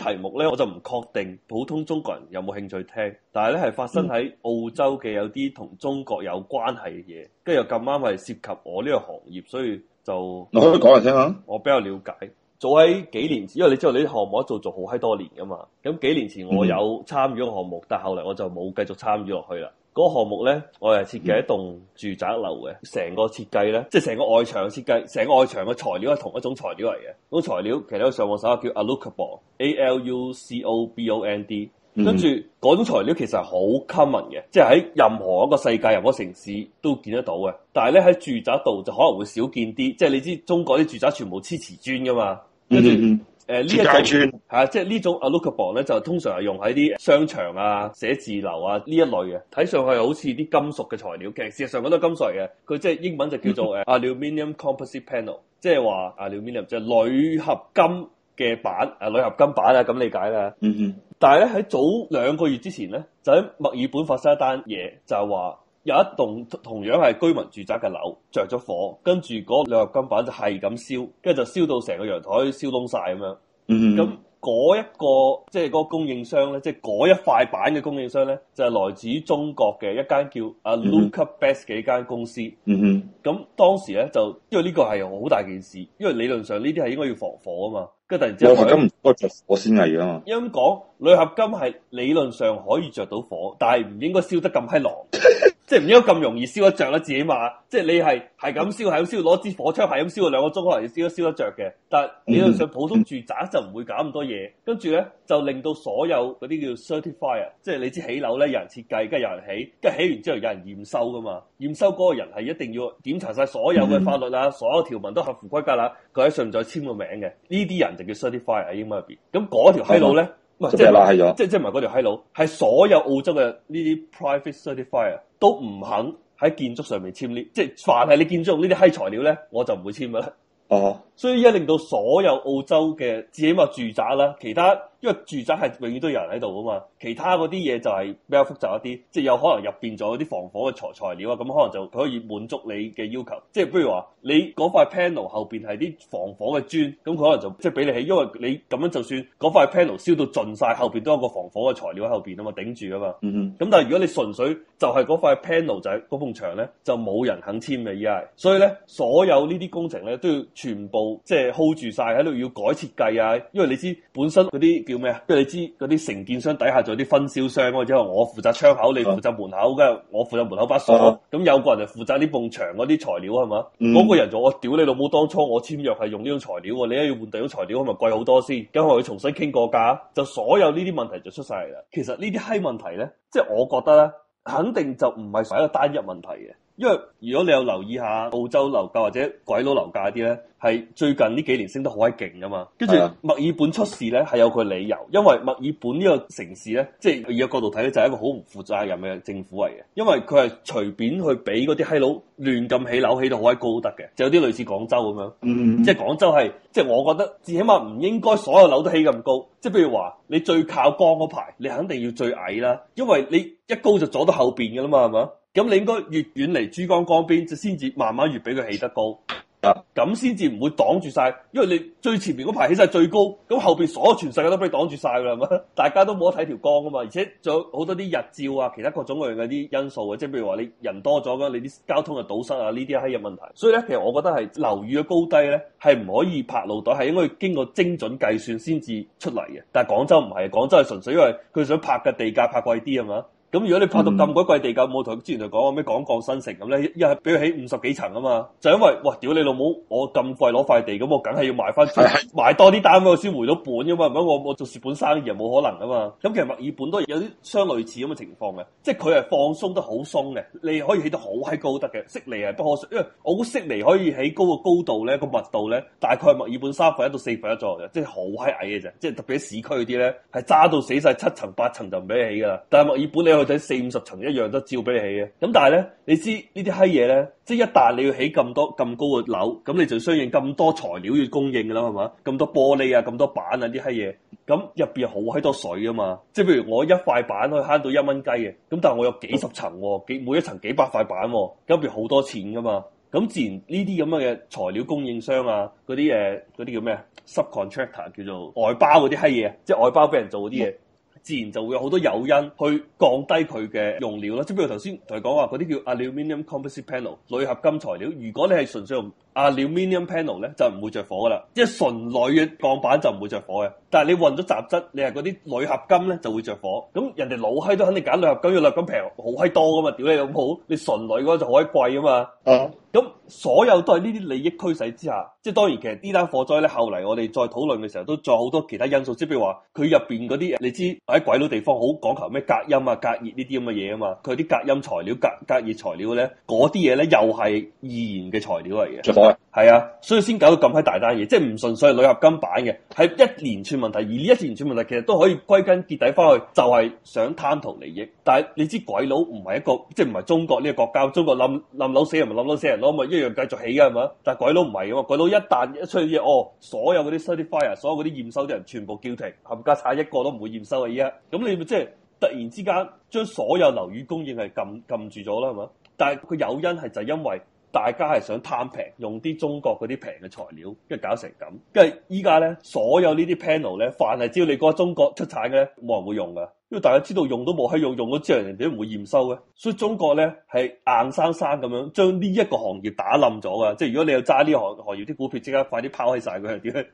題目咧我就唔確定普通中國人有冇興趣聽，但係咧係發生喺澳洲嘅有啲同中國有關係嘅嘢，跟住又咁啱係涉及我呢個行業，所以就你可以講嚟聽下。我比較了解，早喺幾年前，因為你知道你啲項目做做好閪多年噶嘛，咁幾年前我有參與個項目，嗯、但係後嚟我就冇繼續參與落去啦。嗰項目咧，我係設計一棟住宅樓嘅。成個設計咧，即係成個外牆設計，成個外牆嘅材料係同一種材料嚟嘅。嗰種材料其實喺上網搜下叫 Alucobond，a l u c o b o n d，跟住嗰種材料其實係好 common 嘅，即係喺任何一個世界任何城市都見得到嘅。但係咧喺住宅度就可能會少見啲，即係你知中國啲住宅全部黐瓷磚噶嘛，跟住。嗯哼哼誒呢、呃、一種係啊，即係呢種 aluminium 咧，就通常係用喺啲商場啊、寫字樓啊呢一類嘅。睇上去好似啲金屬嘅材料，其實事實上嗰都係金屬嚟嘅。佢即係英文就叫做誒 aluminium composite panel，即係話 aluminium 即係鋁合金嘅板，誒、啊、鋁合金板啊，咁理解啦。嗯哼。 但係咧喺早兩個月之前咧，就喺墨爾本發生一單嘢，就係話，有一棟同樣係居民住宅嘅樓着咗火，跟住嗰鋁合金板就係咁燒，跟住就燒到成個陽台燒窿晒咁樣。咁嗰、嗯、哼一個即係嗰個供應商咧，即係嗰一塊板嘅供應商咧，就係、是、來自於中國嘅一間叫阿 Luca Best 嘅一間公司。嗯哼，咁當時咧就因為呢個係好大件事，因為理論上呢啲係應該要防火啊嘛。跟住突然之間，鋁合金唔該着火先係啊，因為講鋁合金係理論上可以着到火，但係唔應該燒得咁閪狼。 即係唔應該咁容易燒得着啦，自己話，即係你係係咁燒，係咁燒，攞支火槍係咁燒兩個鐘可能燒一燒得着嘅。但係你要上普通住宅就唔會搞咁多嘢，跟住咧就令到所有嗰啲叫 certifier，即係你知起樓咧有人設計，跟住有人起，跟住起完之後有人驗收噶嘛。驗收嗰個人係一定要檢查晒所有嘅法律啊，嗯、所有條文都合乎規格啦，佢喺上再簽個名嘅。呢啲人就叫 certifier 喺英文入邊。咁嗰條閪佬咧，唔係、嗯、即係賴咗，即即唔係嗰條閪佬，係所有澳洲嘅呢啲 private certifier。都唔肯喺建築上面簽呢，即係凡係你建築用呢啲閪材料咧，我就唔會簽㗎啦。哦，oh. 所以而家令到所有澳洲嘅自己嘛住宅啦，其他。因為住宅係永遠都有人喺度啊嘛，其他嗰啲嘢就係比較複雜一啲，即係有可能入邊仲有啲防火嘅材材料啊，咁可能就佢可以滿足你嘅要求。即係不如話，你嗰塊 panel 後邊係啲防火嘅磚，咁佢可能就即係俾你起，因為你咁樣就算嗰塊 panel 燒到盡晒，後邊都有個防火嘅材料喺後邊啊嘛，頂住啊嘛。嗯嗯。咁但係如果你純粹就係嗰塊 panel 就係嗰幅牆咧，就冇人肯籤嘅，依家。所以咧，所有呢啲工程咧都要全部即係 hold 住晒喺度要改設計啊，因為你知本身嗰啲。叫咩啊？即係你知嗰啲承建商底下仲有啲分銷商，之、就、後、是、我負責窗口，你負責門口，跟住、啊、我負責門口把鎖。咁、啊、有個人就負責呢埲牆嗰啲材料係嘛？嗰、嗯、個人就我屌你老母，當初我簽約係用呢種材料，你一要換第二種材料，係咪貴好多先？跟住我要重新傾過價，就所有呢啲問題就出晒嚟啦。其實呢啲閪問題咧，即、就、係、是、我覺得咧，肯定就唔係一個單一問題嘅。因為如果你有留意下澳洲樓價或者鬼佬樓價啲咧，係最近呢幾年升得好鬼勁噶嘛。跟住墨爾本出事咧，係有佢理由，因為墨爾本呢個城市咧，即係以個角度睇咧，就係、是、一個好唔負責任嘅政府嚟嘅。因為佢係隨便去俾嗰啲閪佬亂咁起樓，起到好鬼高得嘅，就有啲類似廣州咁樣。嗯，即係廣州係，即係我覺得至起碼唔應該所有樓都起咁高。即係譬如話，你最靠江嗰排，你肯定要最矮啦，因為你一高就阻到後邊噶啦嘛，係嘛？咁你應該越遠離珠江江邊，就先至慢慢越俾佢起得高。咁先至唔會擋住晒，因為你最前面嗰排起晒最高，咁後邊所有全世界都俾你擋住晒啦，係嘛？大家都冇得睇條江啊嘛，而且仲有好多啲日照啊，其他各種各樣啲因素啊，即係譬如話你人多咗咁，你啲交通嘅堵塞啊，呢啲係有問題。所以咧，其實我覺得係樓宇嘅高低咧，係唔可以拍腦袋，係應該經過精準計算先至出嚟嘅。但係廣州唔係，廣州係純粹因為佢想拍嘅地價拍貴啲，係嘛？咁、嗯、如果你拍到咁鬼貴地價，冇同佢之前就講話咩廣鋼新城咁咧，一係俾佢起五十幾層啊嘛，就因為哇屌你老母，我咁貴攞塊地，咁我梗係要賣翻賣多啲單位，我先回，回到本噶嘛，唔係我我做蝕本生意又冇可能啊嘛。咁、嗯、其實墨爾本都有啲相類似咁嘅情況嘅，即係佢係放鬆得好鬆嘅，你可以起得好閪高得嘅。悉尼係不可惜，因為我估悉尼可以起高嘅高度咧，個密度咧大概墨爾本三分一到四分一左右嘅，即係好閪矮嘅啫。即係特別喺市區嗰啲咧，係揸到死晒，七層八層就唔俾起噶啦。但係墨爾本你佢睇四五十層一樣都照俾你起嘅，咁但係咧，你知呢啲閪嘢咧，即係一旦你要起咁多咁高嘅樓，咁你就需要咁多材料要供應㗎啦，係嘛？咁多玻璃啊，咁多板啊，啲閪嘢，咁入邊好閪多水啊嘛！即係譬如我一塊板可以慳到一蚊雞嘅，咁但係我有幾十層、啊，幾每一層幾百塊板、啊，咁入邊好多錢㗎嘛？咁自然呢啲咁嘅材料供應商啊，嗰啲誒嗰啲叫咩啊？Subcontractor 叫做外包嗰啲閪嘢，即係外包俾人做嗰啲嘢。自然就會有好多誘因去降低佢嘅用料啦，即比如頭先同你講話，嗰啲叫 aluminium composite panel 鋁合金材料，如果你係純粹用。Aluminium panel 咧就唔會着火噶啦，即係純鋁嘅鋼，鋼板就唔會着火嘅。但係你混咗雜質，你係嗰啲鋁合金咧就會着火。咁人哋老閪都肯定揀鋁合金，因為鋁合金平，好閪多噶嘛。屌你老母，你純鋁嗰個就好閪貴啊嘛。啊、uh，咁、huh. 所有都係呢啲利益驅使之下，即係當然其實呢單火災咧後嚟我哋再討論嘅時候都再好多其他因素，即係譬如話佢入邊嗰啲，你知喺鬼佬地方好講求咩隔音啊、隔熱呢啲咁嘅嘢啊嘛。佢啲隔音材料、隔隔熱材料咧，嗰啲嘢咧又係易燃嘅材料嚟嘅。係啊，所以先搞到咁批大單嘢，即係唔純粹鋁合金板嘅，係一連串問題，而呢一連串問題其實都可以歸根結底翻去，就係想貪圖利益。但係你知鬼佬唔係一個，即係唔係中國呢個國家，中國冧冧樓死人咪冧樓死人咯，咪一樣繼續起噶係嘛？但係鬼佬唔係啊，鬼佬一旦一出去嘢，哦，所有嗰啲 certifier 啊，所有嗰啲驗收啲人全部叫停，冚家鏟一個都唔會驗收嘅。依家。咁你咪即係突然之間將所有樓宇供應係禁禁住咗啦，係嘛？但係個誘因係就因為。大家係想貪平，用啲中國嗰啲平嘅材料，跟住搞成咁。跟住依家咧，所有呢啲 panel 咧，凡係只要你覺得中國出產嘅咧，冇人會用噶。因為大家知道用都冇喺用，用咗之後人哋都唔會驗收嘅。所以中國咧係硬生生咁樣將呢一個行業打冧咗噶。即係如果你要有揸呢行行業啲股票，即刻快啲拋開晒佢。點解？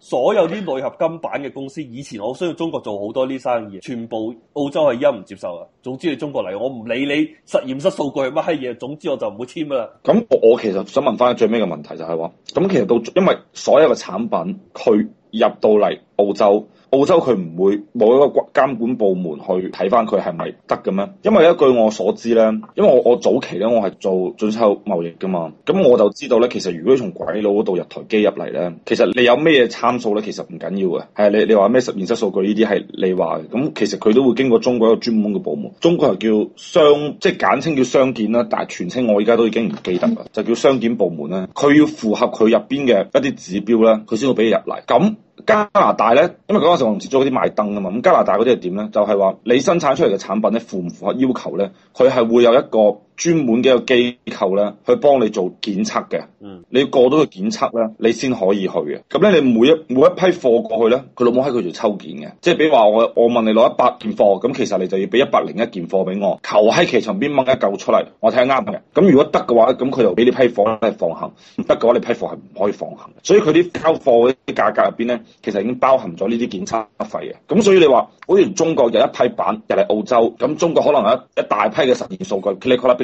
所有啲鋁合金板嘅公司，以前我需要中國做好多呢生意，全部澳洲係一唔接受噶。總之你中國嚟，我唔理你實驗室數據係乜嘢，總之我就唔會簽噶啦。咁我其實想問翻最尾嘅問題就係話，咁其實到因為所有嘅產品佢入到嚟澳洲。澳洲佢唔會冇一個國監管部門去睇翻佢係咪得嘅咩？因為咧，據我所知咧，因為我我早期咧，我係做進出口貿易嘅嘛，咁我就知道咧，其實如果從鬼佬度入台機入嚟咧，其實你有咩參數咧，其實唔緊要嘅。係你你話咩實驗室數據呢啲係你話嘅，咁其實佢都會經過中國一個專門嘅部門，中國係叫商，即係簡稱叫商檢啦，但係全稱我而家都已經唔記得啦，就叫商檢部門咧，佢要符合佢入邊嘅一啲指標咧，佢先會俾你入嚟咁。加拿大咧，因為嗰陣時我唔接觸嗰啲賣燈啊嘛，咁加拿大嗰啲係點咧？就係話你生產出嚟嘅產品咧，符唔符合要求咧？佢係會有一個。專門嘅一個機構咧，去幫你做檢測嘅。嗯，你要過到個檢測咧，你先可以去嘅。咁咧，你每一每一批貨過去咧，佢老母喺佢度抽檢嘅。即係比如話我我問你攞一百件貨，咁其實你就要俾一百零一件貨俾我，求喺其場邊掹一嚿出嚟，我睇下啱嘅。咁如果得嘅話，咁佢就俾呢批貨咧放行；唔得嘅話，你批貨係唔可以放行。所以佢啲交貨嘅價格入邊咧，其實已經包含咗呢啲檢測費嘅。咁所以你話好似中國有一批板入嚟澳洲，咁中國可能有一大批嘅實驗數據，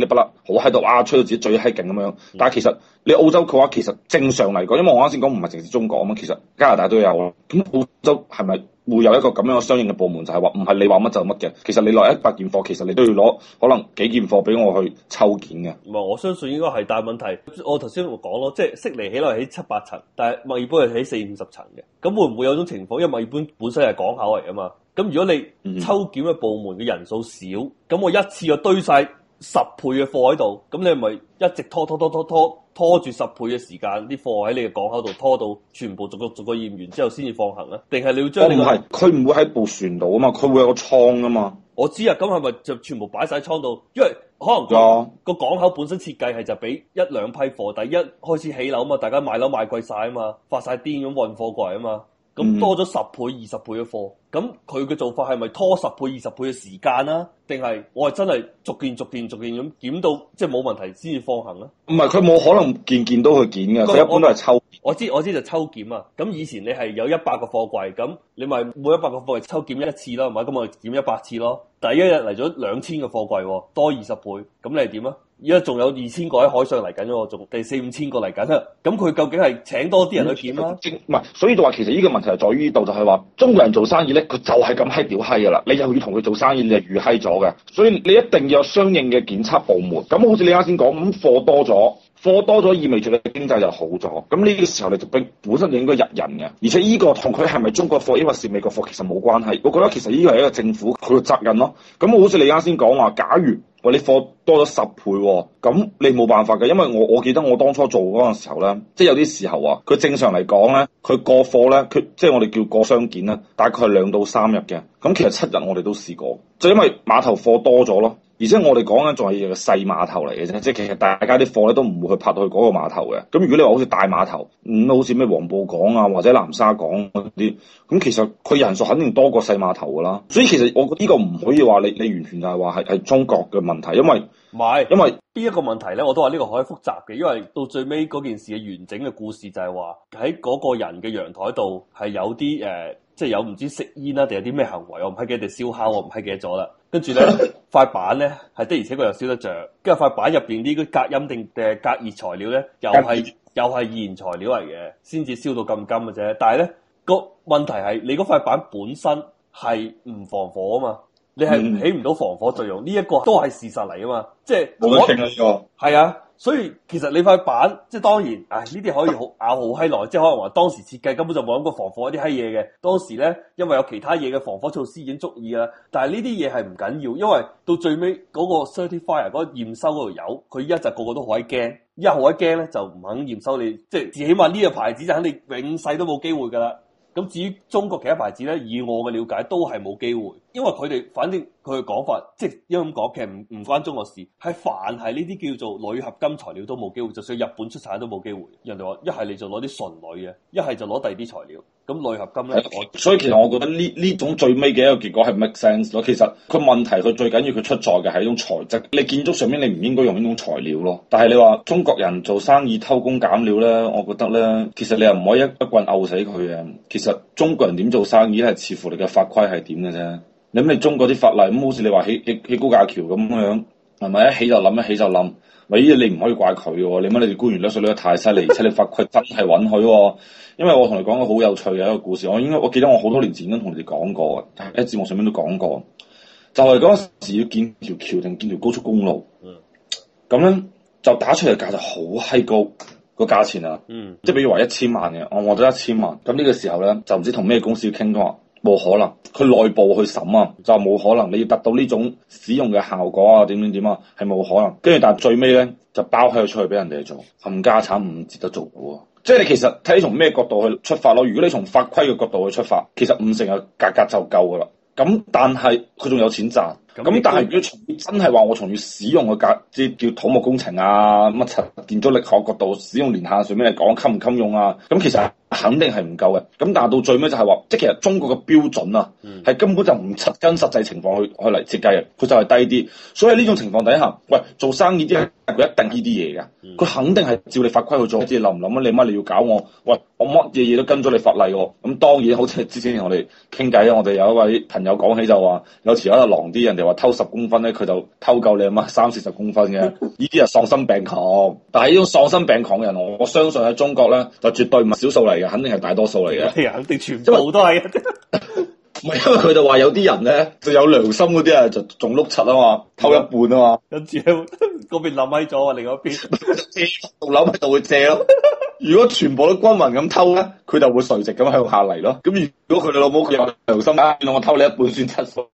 不啦，好喺度，啊，吹到自己最閪勁咁樣。但係其實你澳洲嘅話，其實正常嚟講，因為我啱先講唔係淨係中國咁啊。其實加拿大都有。咁澳洲係咪會有一個咁樣嘅相應嘅部門，就係話唔係你話乜就乜嘅？其實你落一百件貨，其實你都要攞可能幾件貨俾我去抽檢嘅。冇，我相信應該係大問題，我頭先會講咯，即係悉尼起嚟喺七八層，但係墨爾本係喺四五十層嘅。咁會唔會有種情況？因為墨爾本本身係港口嚟啊嘛。咁如果你抽檢嘅部門嘅人數少，咁我一次就堆晒。十倍嘅貨喺度，咁你係咪一直拖拖拖拖拖拖住十倍嘅時間，啲貨喺你嘅港口度拖到全部逐個逐個驗完之後先至放行咧？定係你要將？我唔係，佢唔會喺部船度啊嘛，佢會有個倉啊嘛。我知啊，咁係咪就全部擺晒倉度？因為可能個的港口本身設計係就俾一兩批貨第一開始起樓啊嘛，大家買樓買貴晒啊嘛，發晒癲咁運貨過嚟啊嘛。咁、嗯、多咗十倍二十倍嘅貨，咁佢嘅做法係咪拖十倍二十倍嘅時間啊？定係我係真係逐件逐件逐件咁檢到即係冇問題先至放行啊？唔係，佢冇可能件件都去檢嘅，佢、那個、一般都係抽我。我知我知就抽檢啊。咁以前你係有一百個貨櫃，咁你咪每一百個貨櫃抽檢一次咯，係嘛？咁咪檢一百次咯。第一日嚟咗兩千個貨櫃，多二十倍，咁你係點啊？而家仲有二千個喺海上嚟緊喎，仲第四五千個嚟緊。咁佢究竟係請多啲人去檢咯？唔係、嗯，所以就話其實呢個問題係在於呢度，就係話中國人做生意咧，佢就係咁閪屌閪噶啦。你又要同佢做生意，你就係遇閪咗嘅。所以你一定要有相應嘅檢測部門。咁好似你啱先講咁，貨多咗，貨多咗意味住你經濟就好咗。咁呢個時候你就本本身就應該入人嘅。而且呢個同佢係咪中國貨，抑或是美國貨，其實冇關係。我覺得其實呢個係一個政府佢嘅責任咯。咁好似你啱先講話，假如。喂，你貨多咗十倍喎，哦，咁你冇辦法嘅，因為我我記得我當初做嗰陣時候咧，即係有啲時候啊，佢正常嚟講咧，佢過貨咧，佢即係我哋叫過箱件咧，大概係兩到三日嘅，咁其實七日我哋都試過，就因為碼頭貨多咗咯。而且我哋講緊仲係個細碼頭嚟嘅啫，即係其實大家啲貨咧都唔會去泊到去嗰個碼頭嘅。咁如果你話好似大碼頭，咁、嗯、好似咩黃埔港啊或者南沙港嗰啲，咁其實佢人數肯定多過細碼頭噶啦。所以其實我呢、呢個唔可以話你你完全就係話係係中國嘅問題，因為唔係，是因為邊一個問題咧？我都話呢個可以複雜嘅，因為到最尾嗰件事嘅完整嘅故事就係話喺嗰個人嘅陽台度係有啲誒、呃，即係有唔知食煙啦定係啲咩行為，我唔記得，定係燒烤，我唔記得咗啦。跟住咧，呢 塊板咧係的，而且確又燒得着。跟住塊板入邊啲隔音定嘅隔熱材料咧，又係 又係燃材料嚟嘅，先至燒到咁金嘅啫。但係咧、個問題係，你嗰塊板本身係唔防火啊嘛，你係起唔到防火作用。呢一、嗯、個都係事實嚟㗎嘛，即係我聽過，係啊。所以其實你塊板即係當然，唉呢啲可以好拗好閪耐，即係可能話當時設計根本就冇諗過防火一啲閪嘢嘅。當時咧，因為有其他嘢嘅防火措施已經足以啦。但係呢啲嘢係唔緊要，因為到最尾嗰個 certifier 嗰個驗收嗰度有，佢一就個個都可以驚，一好一驚咧就唔肯驗收你，即係最起碼呢個牌子就肯定永世都冇機會㗎啦。咁至於中國其他牌子咧，以我嘅了解都係冇機會。因為佢哋反正佢嘅講法，即係因為咁講，其實唔唔關中國事。係凡係呢啲叫做鋁合金材料都冇機會，就算日本出產都冇機會。人哋話一係你就攞啲純鋁嘅，一係就攞第二啲材料。咁鋁合金咧，所以其實我覺得呢呢種最尾嘅一個結果係 make sense 咯？其實佢問題佢最緊要佢出在嘅係一種材質。你建築上面你唔應該用呢種材料咯。但係你話中國人做生意偷工減料咧，我覺得咧，其實你又唔可以一一棍毆死佢啊。其實中國人點做生意咧，係視乎你嘅法規係點嘅啫。你乜中國啲法例咁，好似你話起起，起高架橋咁樣，係咪一起就冧，一起就冧？唯一你唔可以怪佢嘅，你乜你哋官員甩水甩得太犀利，而且你法規真係允許、哦。因為我同你講個好有趣嘅一個故事，我應該我記得我好多年前都同你哋講過，喺節目上面都講過，就係嗰時要建條橋定建條高速公路，咁咧就打出嚟，價就好閪高個價錢啊，即係比如話一千萬嘅，我望咗一千萬。咁呢個時候咧，就唔知同咩公司要傾多。冇可能，佢內部去審啊，就冇可能。你要達到呢種使用嘅效果啊，點點點啊，係冇可能。跟住但係最尾咧，就包起佢出去俾人哋做，冚家產唔值得做噶。即係你其實睇你從咩角度去出發咯。如果你從法規嘅角度去出發，其實五成嘅價格就夠噶啦。咁但係佢仲有錢賺。咁但係如果從真係話我從要使用嘅價，即叫土木工程啊乜柒建築力學角度使用年限上面嚟講，襟唔襟用啊？咁其實。肯定係唔夠嘅，咁但係到最尾就係話，即係其實中國嘅標準啊，係、嗯、根本就唔跟實際情況去去嚟設計嘅，佢就係低啲。所以呢種情況底下，喂，做生意啲人佢一定呢啲嘢嘅，佢、嗯、肯定係照你法規去做，即係諗唔諗啊？你媽你要搞我，喂，我乜嘢嘢都跟咗你法例嘅。咁當然，好似之前我哋傾偈，我哋有一位朋友講起就話，有時可能狼啲，人哋話偷十公分咧，佢就偷夠你阿媽三四十公分嘅，呢啲係喪心病狂。但係呢種喪心病狂嘅人，我相信喺中國咧就絕對唔係少數嚟。.肯定係大多數嚟嘅。肯定全部都係。唔係因為佢 就話有啲人咧，就有良心嗰啲啊，就仲碌柒啊嘛，偷一半啊嘛。跟住喺嗰邊冧咗啊，另外一邊棟樓喺度會借咯。 如果全部都均勻咁偷咧，佢就會垂直咁向下嚟咯、啊。咁如果佢哋老母有良心啊，我偷你一半算七數。